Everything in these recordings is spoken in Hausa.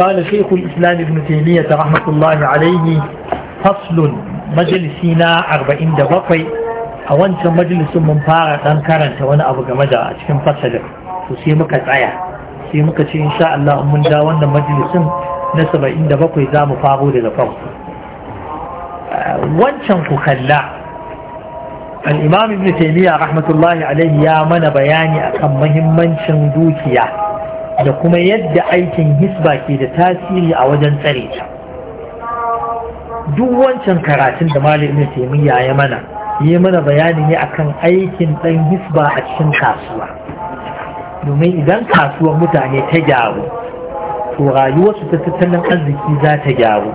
قال شيخ الإسلام ابن تيمية رحمة الله عليه فصل مجلسنا أربعين دبقي أولا مجلس من فارة أنكارا وانا أبو جمدا أتكلم فصل وسيمك تعيا سيمك إن شاء الله من داوانا مجلس نسبة إن دبقي زام فارو للفرق wancan ku kalla al'imam ibn taimiyya rahmatullahi alaihi ya mana bayani akan mahimmancin dukiya da kuma yadda aikin hisba ke da tasiri a wajen tsare ta duk wancan karatun da malamin taimiyya ya mana yi mana bayani ne akan aikin ɗan hisba a cikin kasuwa domin idan kasuwar mutane ta gyaru to rayuwarsu ta tattalin arziki za ta gyaru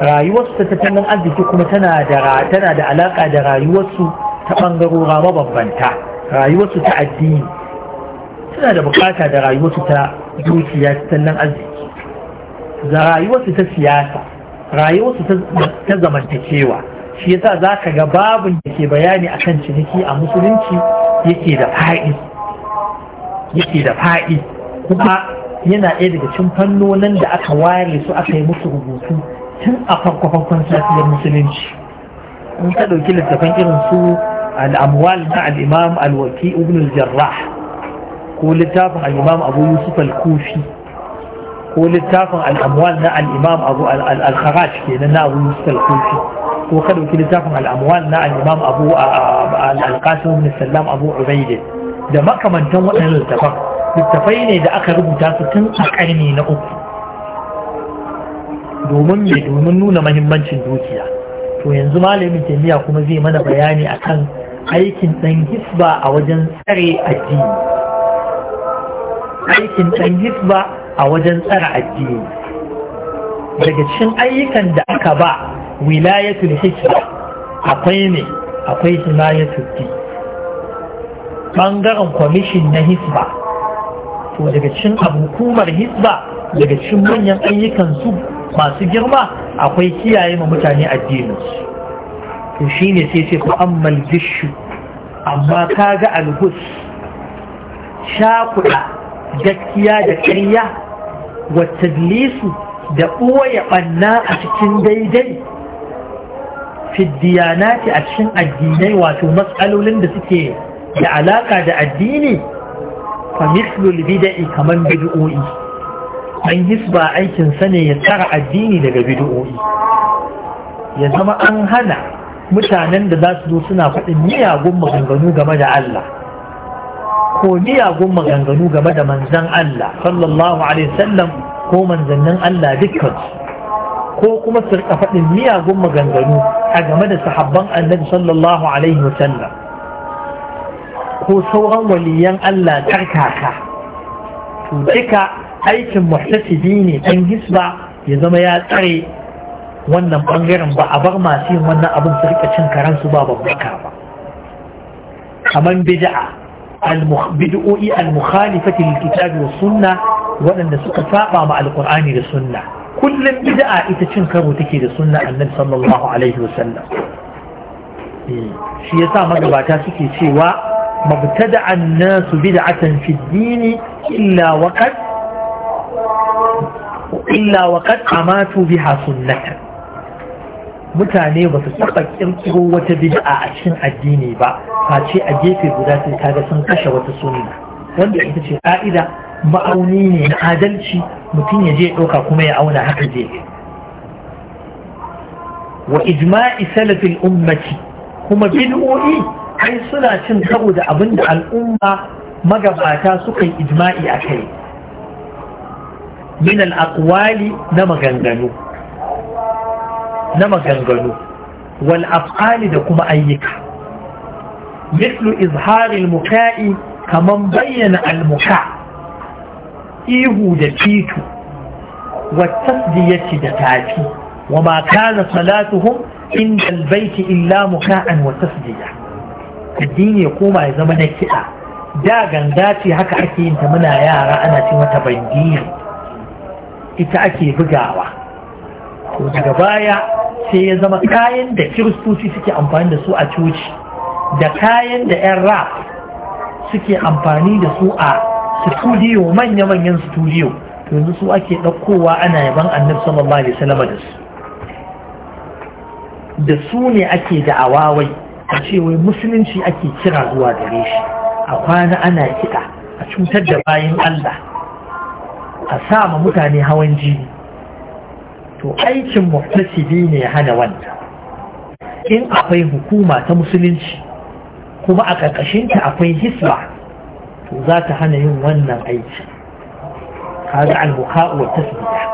rayuwarsu ta tattalin arziki kuma tana da tana da alaƙa da rayuwarsu ta ɓangarora mabambanta rayuwarsu ta addini suna da bukata da rayuwarsu ta dukiya ta nan arziki da rayuwarsu ta siyasa rayuwarsu ta zamantakewa shi yasa za ka ga babin da ke bayani akan ciniki a musulunci yake da fa'i yake da fa'i kuma yana ɗaya daga cikin fannonin da aka ware su aka yi musu rubutu tun a farko-farkon safiyar musulunci in ka ɗauki littafin irin su al'amwal na al'imam al-waki ibn al-jarrah ko littafin al'imam abu yusuf al-kufi ko littafin al'amwal na al'imam abu al-kharaj kenan na abu yusuf al-kufi ko ka dauki littafin al'amwal na al'imam abu al-qasim ibn sallam abu ubaid da makamantan waɗannan littafan littafai ne da aka rubuta su tun a ƙarni na uku domin me domin nuna mahimmancin dukiya to yanzu malamin taimiyya kuma zai mana bayani akan aikin ɗan hisba a wajen tsare addini aikin ɗan hisba a wajen tsara addini daga cikin ayyukan da aka ba wilayatul hisba akwai ne akwai himayatul di ɓangaren kwamishin na hisba to daga cikin hukumar hisba daga cikin manyan ayyukan su masu girma akwai kiyaye ma mutane addini to shine sai ce ku gishu amma ka kaga alhus shakuɗa gaskiya da ƙarya wata da ɓoye ɓanna a cikin daidai fiddiyanati a cikin addinai wato matsalolin da suke da alaƙa da addini fa mislul bida'i kamar bid'o'i an hisba aikin sa ne ya tsara addini daga bid'o'i ya zama an hana mutanen da za su zo suna faɗin miyagun maganganu game da Allah ko miyagun maganganu game da manzan Allah sallallahu alaihi wasallam ko manzannin Allah dukkan ko kuma su rika faɗin miyagun maganganu a game da sahabban annabi sallallahu alaihi wasallam ko sauran waliyan Allah tarkaka to duka aikin muhtasibi ne dan hisba ya zama ya tsare wannan bangaren ba a bar masu yin wannan abin su rika cin karansu ba babbaka ba kamar bid'a بدؤوء المخالفة للكتاب والسنة وأن سقطاء مع القرآن للسنة كل بدعة إتشنكر تكي للسنة النبي صلى الله عليه وسلم shi yasa magabata suke cewa mabtada الناس بدعة في الدين إلا وقد إلا وقد أماتوا بها سنة mutane ba su taɓa ƙirƙiro wata bid'a a cikin addini ba face a gefe guda sai kaga sun kashe wata sunna wanda ita ce ka'ida ma'auni ne na adalci mutum ya je ɗauka kuma ya auna haka je wa ijma'i salafin ummati kuma bid'o'i ai suna cin karo da abin da al'umma magabata suka yi ijma'i a kai min al'akwali na maganganu na maganganu wal af'ali da kuma ayyuka mislu izharil muka'i kaman bayyana almuka ihu da titu wa tasdiyati da tafi wa ma kana salatuhum inda albayti illa muka'an wa tasdiya addini ya koma ya zama na kiɗa da ganga ce haka ake yin ta muna yara ana cin mata bandiri ita ake bugawa to daga baya sai ya zama kayan da kiristoci suke amfani da su a coci da kayan da 'yan rap suke amfani da su a studio manya-manyan studio yanzu su ake ɗaukowa ana yaban annab sallallahu alaihi wasallam da su da su ne ake da'awa wai a cewa musulunci ake kira zuwa gare shi a kwana ana kiɗa a cutar da bayan Allah a sa ma mutane hawan jini to aikin muhtasibi ne ya hana wanda in akwai hukuma ta musulunci kuma a ƙarƙashinta akwai hisba to za ta hana yin wannan aiki kaga al-muka'u wa tasdiya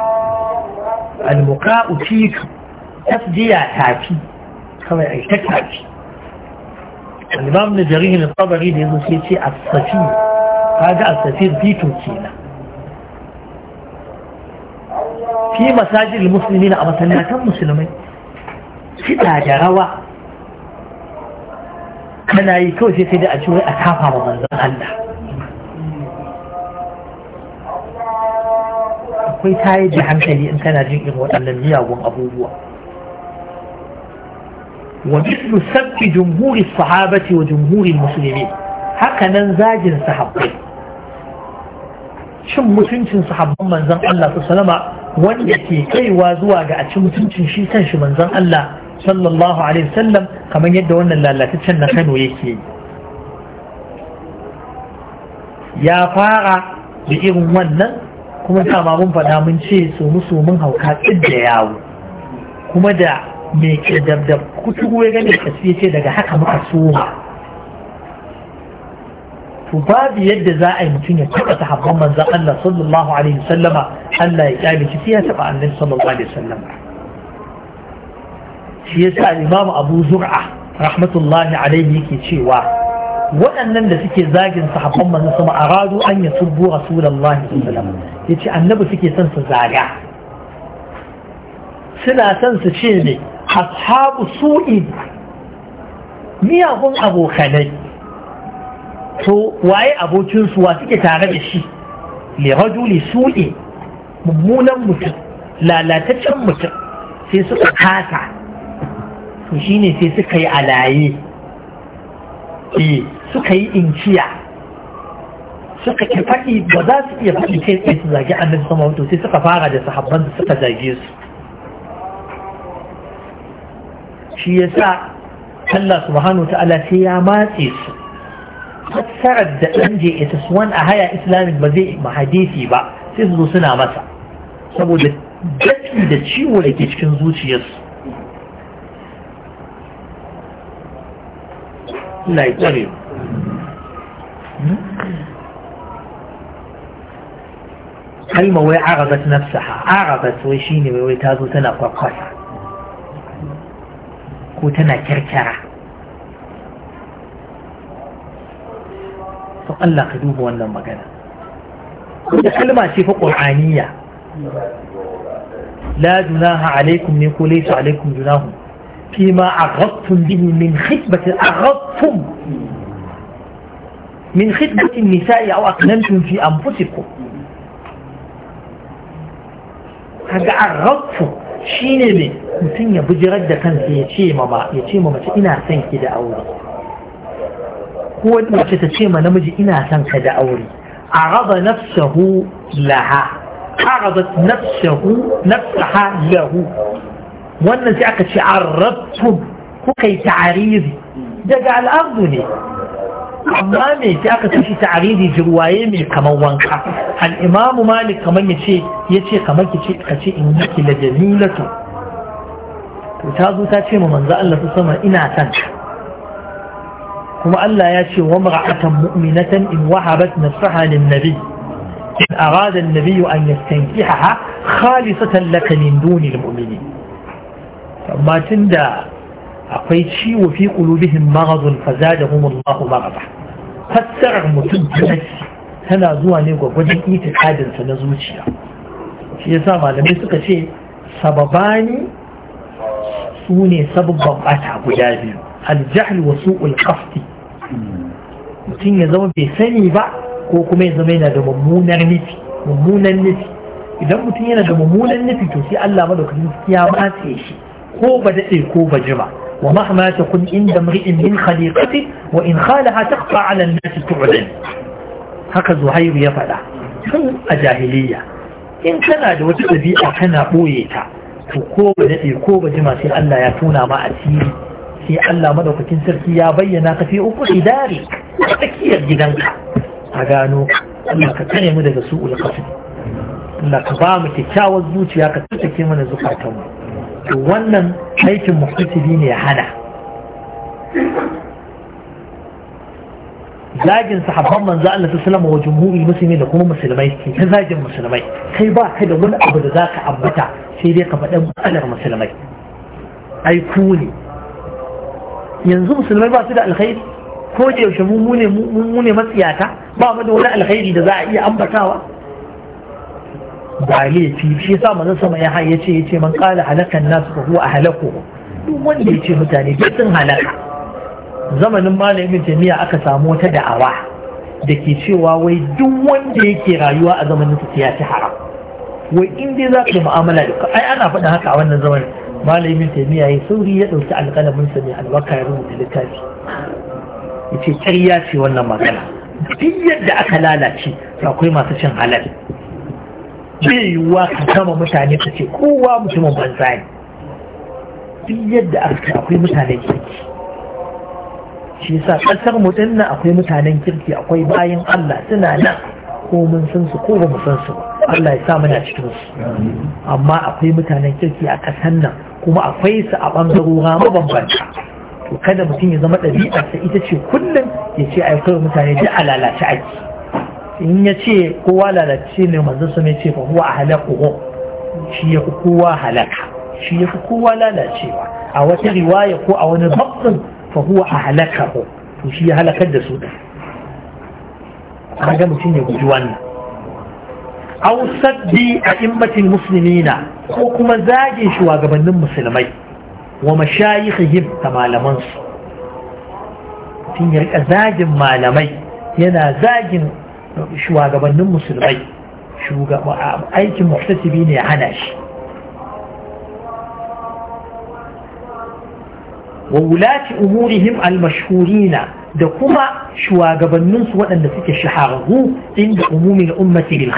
al-muka'u tafi kawai ai ta tafi al-imam na jarihin al-tabari da yanzu sai ce as-safi kaga as-safi titu kenan في مساجد المسلمين أما سنة كم مسلمين ستا جروا كنا يكون في سيدة أشوي أتحافى مضان الله أقول تاي جهان سيدي أنت نرجع إغوة أن يوم أبوه ومثل سبت جمهور الصحابة وجمهور المسلمين haka nan zajin sahabbai shin mutuncin sahabban manzon Allah sallallahu alaihi wasallam wanda ke kaiwa zuwa ga a ci mutuncin shi kan shi manzon Allah sallallahu alaihi wasallam kamar yadda wannan lalataccen na Kano yake ya fara da irin wannan kuma ma mun faɗa mun ce su musu mun hauka da yawo kuma da mai da kuturu ya gani ya ce daga haka muka soma to babu yadda za a yi mutum ya taɓa sahabban manzan Allah sallallahu alaihi wasallama Allah ya kyale shi sai ya taɓa annabi sallallahu alaihi wasallama shi yasa Imam Abu Zur'a rahmatullahi alaihi yake cewa waɗannan da suke zagin sahabban manzan sama aradu an ya tubbu rasulullahi sallallahu alaihi wasallama yace annabi suke son su zaga suna son su ce ne ashabu su'i miyagun abokanai to waye abokinsu wa suke tare da shi li rajuli ne. mummunan mutum lalataccen mutum sai suka kasa to ne sai suka yi alaye eh suka yi inciya suka ki faɗi ba za su iya faɗi kai tsaye su zagi annabi sama wato sai suka fara da sahabban da suka zage su shi yasa Allah subhanahu wa ta'ala sai ya matse su fassarar da ɗan jss wani a haya islamic ba zai ma hadisi ba sai su zo suna masa saboda dafi da ciwo da ke cikin zuciyarsu Allah ya tsare kalma wai arabat nafsaha arabat wai shine wai ta zo tana kwakwasa ko tana kyarkyara to Allah ka duba wannan magana wanda kalma ce fa qur'aniya la junaha alaikum ne ko laysa alaikum fi ma أغضتم به min khitbati أغضتم min khitbati النساء aw aqnantum fi anfusikum هذا أغضتم shine ne mutun ya bujirar da kansa ya ce ma ba ya ce ma mace ina son ki da aure ko wani mace ta ce ma namiji ina son ka da aure a raba nafsahu laha arabat nafsahu nafsaha lahu wannan sai aka ce arabtu kuka yi ta'aridi daga al'ardu ne amma me sai aka tashi ta'aridi jirwaye mai kamar wanka al'imamu malik kamar ya ce ya ce kamar ki ce ka ce in yake la jamilatu to ta zo ta ce ma manzo Allah sallallahu alaihi wasallam ina son ka kuma Allah ya ce wa mar'atan mu'minatan in wahabat nafsaha lin nabi in arada an-nabi an yastankihaha khalisatan laka min dunil mu'minin amma tunda akwai ciwo fi qulubihim maradun fazadahum Allahu marada fassarar mutum tana zuwa ne gwagwajen itikadinsa na zuciya shi yasa malamai suka ce sababani su ne sababban bata guda biyu aljahl wa su'ul qasdi mutum ya zama bai sani ba ko kuma ya zama yana da mummunar nufi mummunan nufi idan mutum yana da mummunan nufi to sai Allah madaukakin ya matse shi ko ba daɗe ko ba jima wa mahma kun inda mri'in min khaliqati wa in khalaha taqfa 'ala an-nas tu'lan haka zuhairu ya faɗa tun a jahiliya in kana da wata ɗabi'a kana ɓoye ta to ko ba daɗe ko ba jima sai Allah ya tona ma asiri sai Allah madaukakin sarki ya bayyana ka fi uku a tsakiyar gidanka a gano Allah ka kare mu daga su'ul qasd Allah ka ba mu kyakkyawar zuciya ka tsake mana zukatan mu to wannan aikin muhtasibi ne ya hana zagin sahabban manzo Allah sallallahu wa jumhuri musulmi da kuma musulmai ke zagin musulmai kai ba kai da wani abu da zaka ambata sai dai ka faɗa matsalar musulmai ai ku ne yanzu musulmai ba su da alkhairi ko da yaushe mu ne mu ne matsiyata ba mu da wani alkhairi da za a iya ambatawa ba laifi shi yasa manzon sama ya haye ce yace man qala halakan nas fa huwa ahlaku duk wanda yace mutane duk sun halaka zamanin malamin jami'a aka samu wata da'awa da ke cewa wai duk wanda yake rayuwa a zamanin sa ya ci haram wai in dai za ka yi mu'amala da ai ana faɗin haka a wannan zamanin malamin ta ya sauri ya ɗauki alƙalaminsa mai albarka ya rubuta littafi ya ce ƙarya ce wannan magana duk yadda aka lalace akwai masu cin halal bai yiwuwa ka kama mutane ka ce kowa mutumin banza ne duk yadda aka akwai mutanen kirki shi yasa ƙasar mu dinnan akwai mutanen kirki akwai bayan Allah suna nan ko mun san su ko ba mu san su Allah ya sa muna cikin su amma akwai mutanen kirki a kasan nan kuma akwai su a bangarora mabambanta to kada mutum ya zama ɗabi'arsa ita ce kullum ya ce ai mutane da a lalace aiki in ya ce kowa lalace ne manzo su ne ce fa huwa halaku shi ya fi kowa halaka shi ya fi kowa lalacewa a wata riwaya ko a wani babban fa huwa halaka to shi ya halakar da su da ga mutum ya guji wannan aw saddi immatin muslimina ko kuma zagin shugabannin musulmai wa mashayikhihim ta malaman su mutum zagin malamai yana zagin shugabannin musulmai aikin muhtasibi ne ya hana shi wa wulati umurihim al-mashhurina da kuma shugabanninsu waɗanda suke shahararru inda umumin ummati lil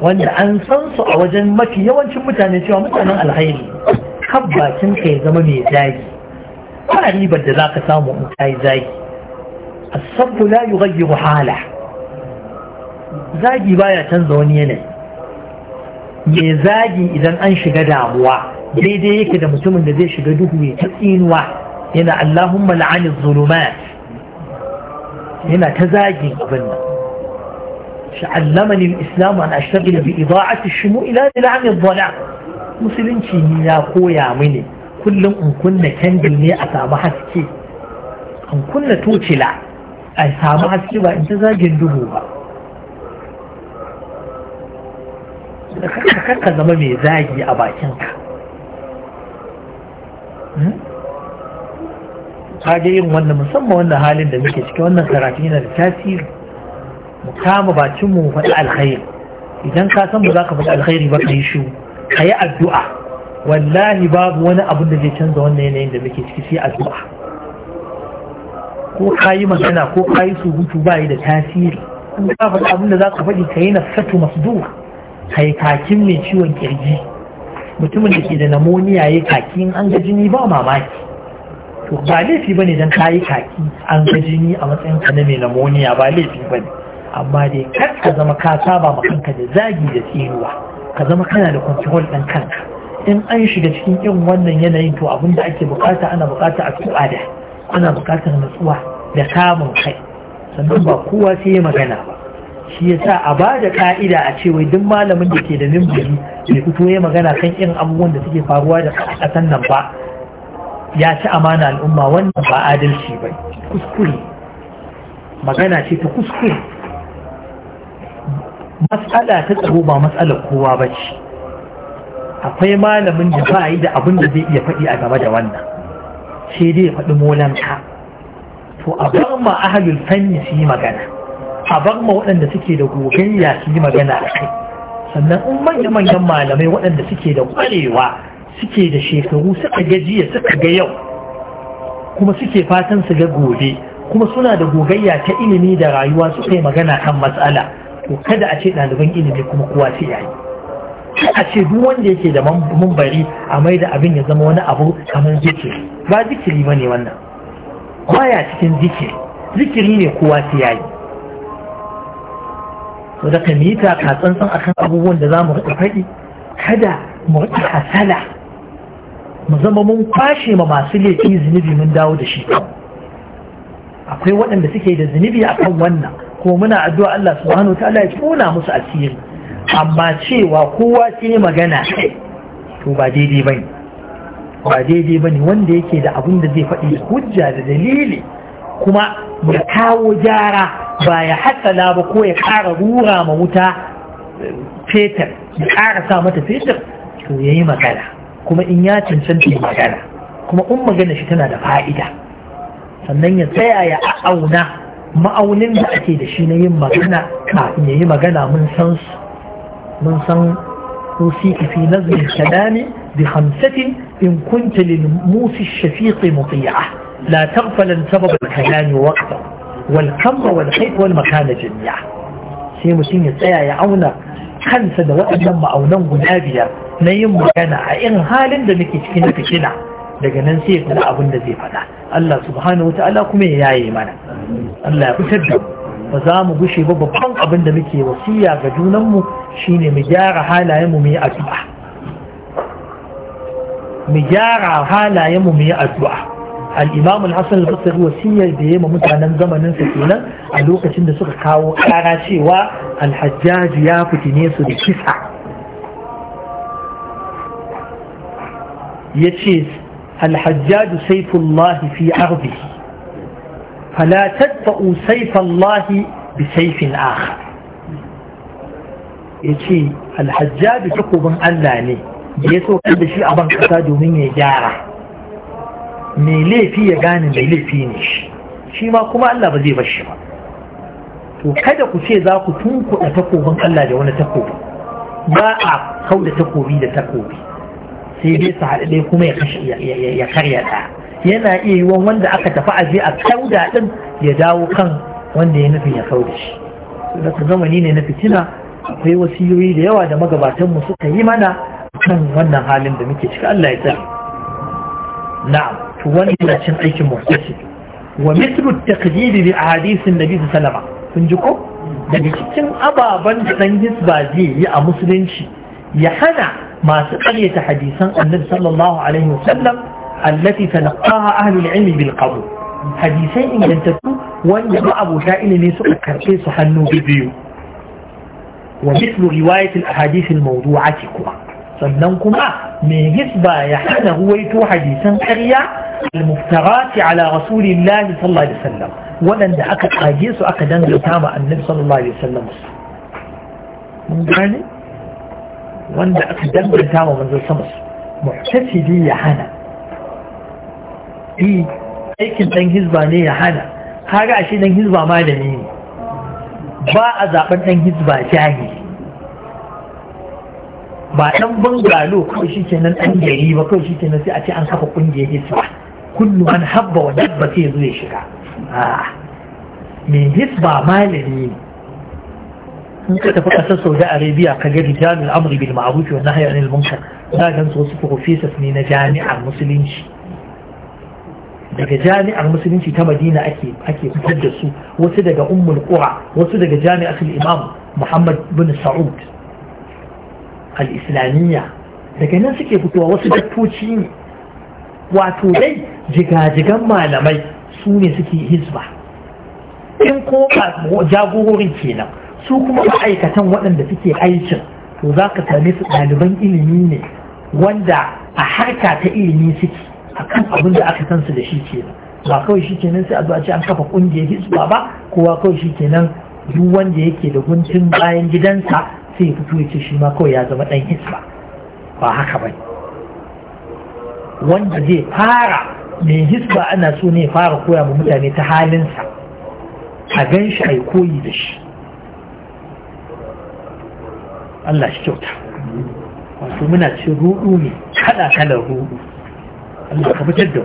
wanda an san su a wajen mafi yawancin mutane cewa mutanen alkhairi kan bakin ka ya zama mai zagi ba ribar da ka samu in yi zagi Asabu la yughayyiru hala zagi baya canza wani yanayi mai zagi idan an shiga damuwa daidai yake da mutumin da zai shiga duhu ya ta tsinuwa yana Allahumma la'ani zulumat yana ta zagi abin nan sha'allamani al-islam an ashtagil bi ida'ati shumu ila dil'am ad musulunci ni ya koya mini kullum in kunna candle ne a samu haske in kunna tucila a samu haske ba in ta ba da zama mai zagi a bakinka hmm? Ka je yin wannan musamman wannan halin da muke cikin wannan karatun yana da tasiri mu kama bacin mu faɗi alkhairi idan ka san ba za ka faɗi alkhairi ba ka yi shi ka yi addu'a wallahi babu wani abun da zai canza wannan yanayin da muke ciki sai addu'a ko ka yi magana ko ka yi surutu ba yi da tasiri in ka faɗi abin da za ka faɗi ka yi nafsatu masdur ka yi kakin mai ciwon kirji mutumin da ke da namoniya ya kaki in an ga jini ba mamaki to ba laifi bane dan kayi kaki an ga jini a matsayin ka na melamoniya ba laifi bane amma dai kar ka zama ka saba ma kanka da zagi da tsiruwa ka zama kana da control ɗin kanka in an shiga cikin irin wannan yanayin to abin da ake bukata ana bukata a tsuwa da ana bukatar natsuwa da kamun kai sannan ba kowa sai ya magana ba shi ya sa a ba da ka'ida a ce wai duk malamin da ke da mimbiri bai fito ya magana kan irin abubuwan da suke faruwa da kasan nan ba ya ci amana al'umma wannan ba adalci ba kuskure magana ce ta kuskure matsala ta tsaro ba matsalar kowa ba ce akwai malamin da ba yi da abin da zai iya faɗi a game da wannan sai dai ya faɗi molanka to a bar ma ahalul fanni su yi magana a bar ma waɗanda suke da gogayya su yi magana a kai sannan in manya-manyan malamai waɗanda suke da ƙwarewa suke da shekaru suka gajiya suka ga yau kuma suke fatan su ga gobe kuma suna da gogayya ta ilimi da rayuwa suka yi magana kan matsala to kada a ce ɗaliban ilimi kuma kowa sai yayi a ce duk wanda yake da mambari a mai da abin ya zama wani abu kamar zikiri ba zikiri ba ne wannan baya cikin zikiri zikiri ne kowa sai yayi to da ka mita ka tsantsan akan abubuwan da za mu faɗi kada mu riƙa hasala mu zama mun kwashe ma masu laifi zunubi mun dawo da shi akwai waɗanda suke da zunubi a kan wannan kuma muna addu'a Allah subhanahu ta'ala ya tona musu asiri amma cewa kowa ce magana to ba daidai bane ba daidai bane wanda yake da abin da zai faɗi hujja da dalili kuma ya kawo gyara ba ya hatsala ba ko ya ƙara rura ma wuta eh, fetur ya ƙara sa mata fetur to ya yi magana kuma in ya cancanta magana kuma in magana shi tana da fa’ida sannan ya tsaya ya auna ma'aunin da ake da shi na yin magana kafin ya yi magana mun san su mun san su fi in kunta lil musi shafiqi mutiya la taghfalan sabab al kalami waqta wal kamma wal hayt wal makana jami'a sai mutum ya tsaya ya auna kansa da waɗannan ma'aunan guda biyar na yin magana a irin halin da muke cikin da kina daga nan sai ya faɗa abin da zai faɗa Allah subhanahu wa ta'ala kuma ya yaye mana Allah ya fitar da ba za mu gushe ba babban abin da muke wasiya ga junanmu shine mu gyara halayenmu mu yi addu'a mu gyara halayenmu mu yi addu'a al'imam al-hassan al-basri wasiyar da ya ma mutanen zamanin sa kenan a lokacin da suka kawo kara cewa alhajjaji ya fitine su da kisa ya ce alhajjaji saifullahi fi arbi fala tatta'u saifallahi bi saifin akhar ya ce alhajjaji takobin allah ne da ya so da shi a ban kasa domin ya gyara mai laifi ya gane mai laifi ne shi shi ma kuma Allah ba zai bar shi ba to kada ku ce za ku tunkuɗa takobin Allah da wani takobi ba a kau da takobi da takobi sai dai su haɗe ɗaya kuma ya karya ɗaya yana iya yi wanda aka tafi aje a kauda ɗin ya dawo kan wanda ya nufin ya kau da shi da ka zamani ne na fitina akwai wasiyoyi da yawa da magabatanmu suka yi mana kan wannan halin da muke cika. Allah ya tsare na'am wani cin aikin murtashi wa mislu taqdid bi ahadisin nabi sallama kun ji ko daga cikin ababen da dan hisba zai yi a musulunci ya hana masu ƙaryata hadisan annabi sallallahu alaihi wasallam allati talaqaha ahlul ilmi bil qabul hadisai ingantattu wanda ba abuta ilimi suka karɓe su hannu biyu wa mislu riwayat al ahadith mawdu'ati kuma sannan kuma mai hisba ya hana huwaito hadisan ƙarya al-muftarati ala rasulillahi sallallahu alaihi wasallam waɗanda aka kage su aka danganta ma annabi sallallahu alaihi wasallam mun gane wanda aka danganta ma manzon sama su muhtasidi ya hana eh aikin dan hisba ne ya hana kaga ashe dan hisba malami ne ba a zaben dan hisba jahili ba ɗan bangalo kawai shi nan dan gari ba kawai shi nan sai a ce an kafa kungiyar hisba kullu an habba wa dabba sai zo ya shiga mai hisba malami ne in ka tafi kasar saudi arabia ka ga rijalul amri bil ma'ruf wa nahyi anil munkar za ka su professors ne na jami'ar musulunci daga jami'ar musulunci ta madina ake ake fitar da su wasu daga ummul qura wasu daga jami'atul imam muhammad bin sa'ud al'islamiyya daga nan suke fitowa wasu dattoci ne wato dai jigajigan malamai su ne suke hizba in ko jagororin kenan su kuma ma'aikatan waɗanda suke aikin to za ka same su ɗaliban ilimi ne wanda a harka ta ilimi suke a kan abin da aka san su da shi kenan ba kawai shi kenan sai a zuwa ce an kafa ƙungiyar hizba ba kowa kawai shi kenan duk wanda yake da guntun bayan gidansa sai ya fito ya ce shi ma kawai ya zama ɗan hisba ba haka ba wanda zai fara mai hisba ana so ne fara koya ma mutane ta halinsa a gan shi a koyi da shi Allah shi kyauta wato muna ci rudu ne kada kalar rudu Allah ka fitar da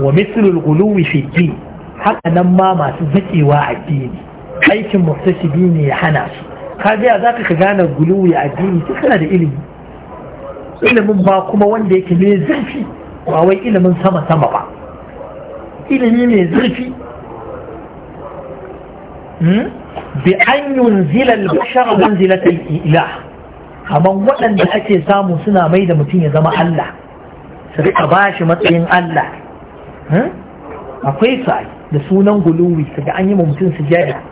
wa mislul guluwi fi din haka nan ma masu zakewa addini aikin biyu ne ya hana su ka biya za ka gane guluwi a addini sai kana da ilimi ilimin ba kuma wanda yake mai zurfi ba wai ilimin sama-sama ba ilimi mai zurfi hmm? bi an yunzila al-bashar manzilatal ila amma waɗanda ake samu suna mai da mutum ya zama Allah su rika ba shi matsayin Allah hmm? akwai su da sunan guluwi daga an yi mutum su jada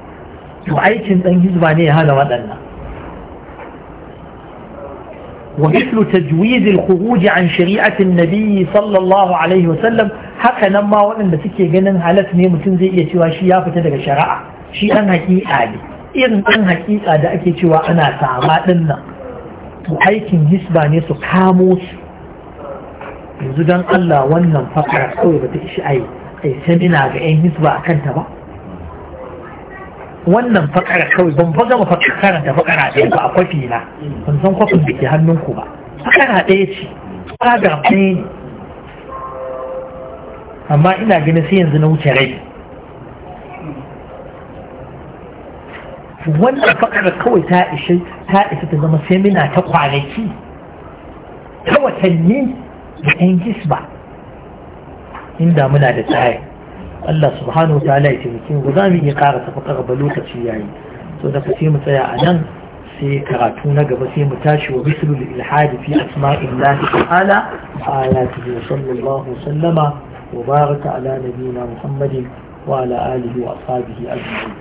to aikin ɗan hisba ne ya hana waɗannan ومثل تجويز الخروج عن شريعة النبي صلى الله عليه وسلم haka nan ma waɗanda suke ganin halas ne mutum zai iya cewa shi ya fita daga shari'a shi ɗan haƙiƙa ne irin ɗan haƙiƙa da ake cewa ana sama ɗin nan to aikin hisba ne su kamo su yanzu don Allah wannan fakara kawai ba ta ishi ai ai ga 'yan hisba a kanta ba wannan fakara kawai ban ba gama fakara da fakara ɗaya ba a kwafi na ban san kwafin da ke hannunku ba fakara ɗaya ce tsagar ɗaya ne amma ina ganin sai yanzu na wuce rai wannan fakara kawai ta ishe ta isa ta zama semina ta kwanaki ta watanni da 'yan gisba inda muna da tsari Allah subhanahu wa ta'ala ya taimake mu za mu iya ƙara tafi ƙarfa lokaci yayi so da sai mu tsaya a nan sai karatu na gaba sai mu tashi wa bisul ilhadi fi asma'illahi ta'ala wa ayatihi sallallahu sallama wa baraka ala nabiyina muhammadin wa ala alihi wa ashabihi ajma'in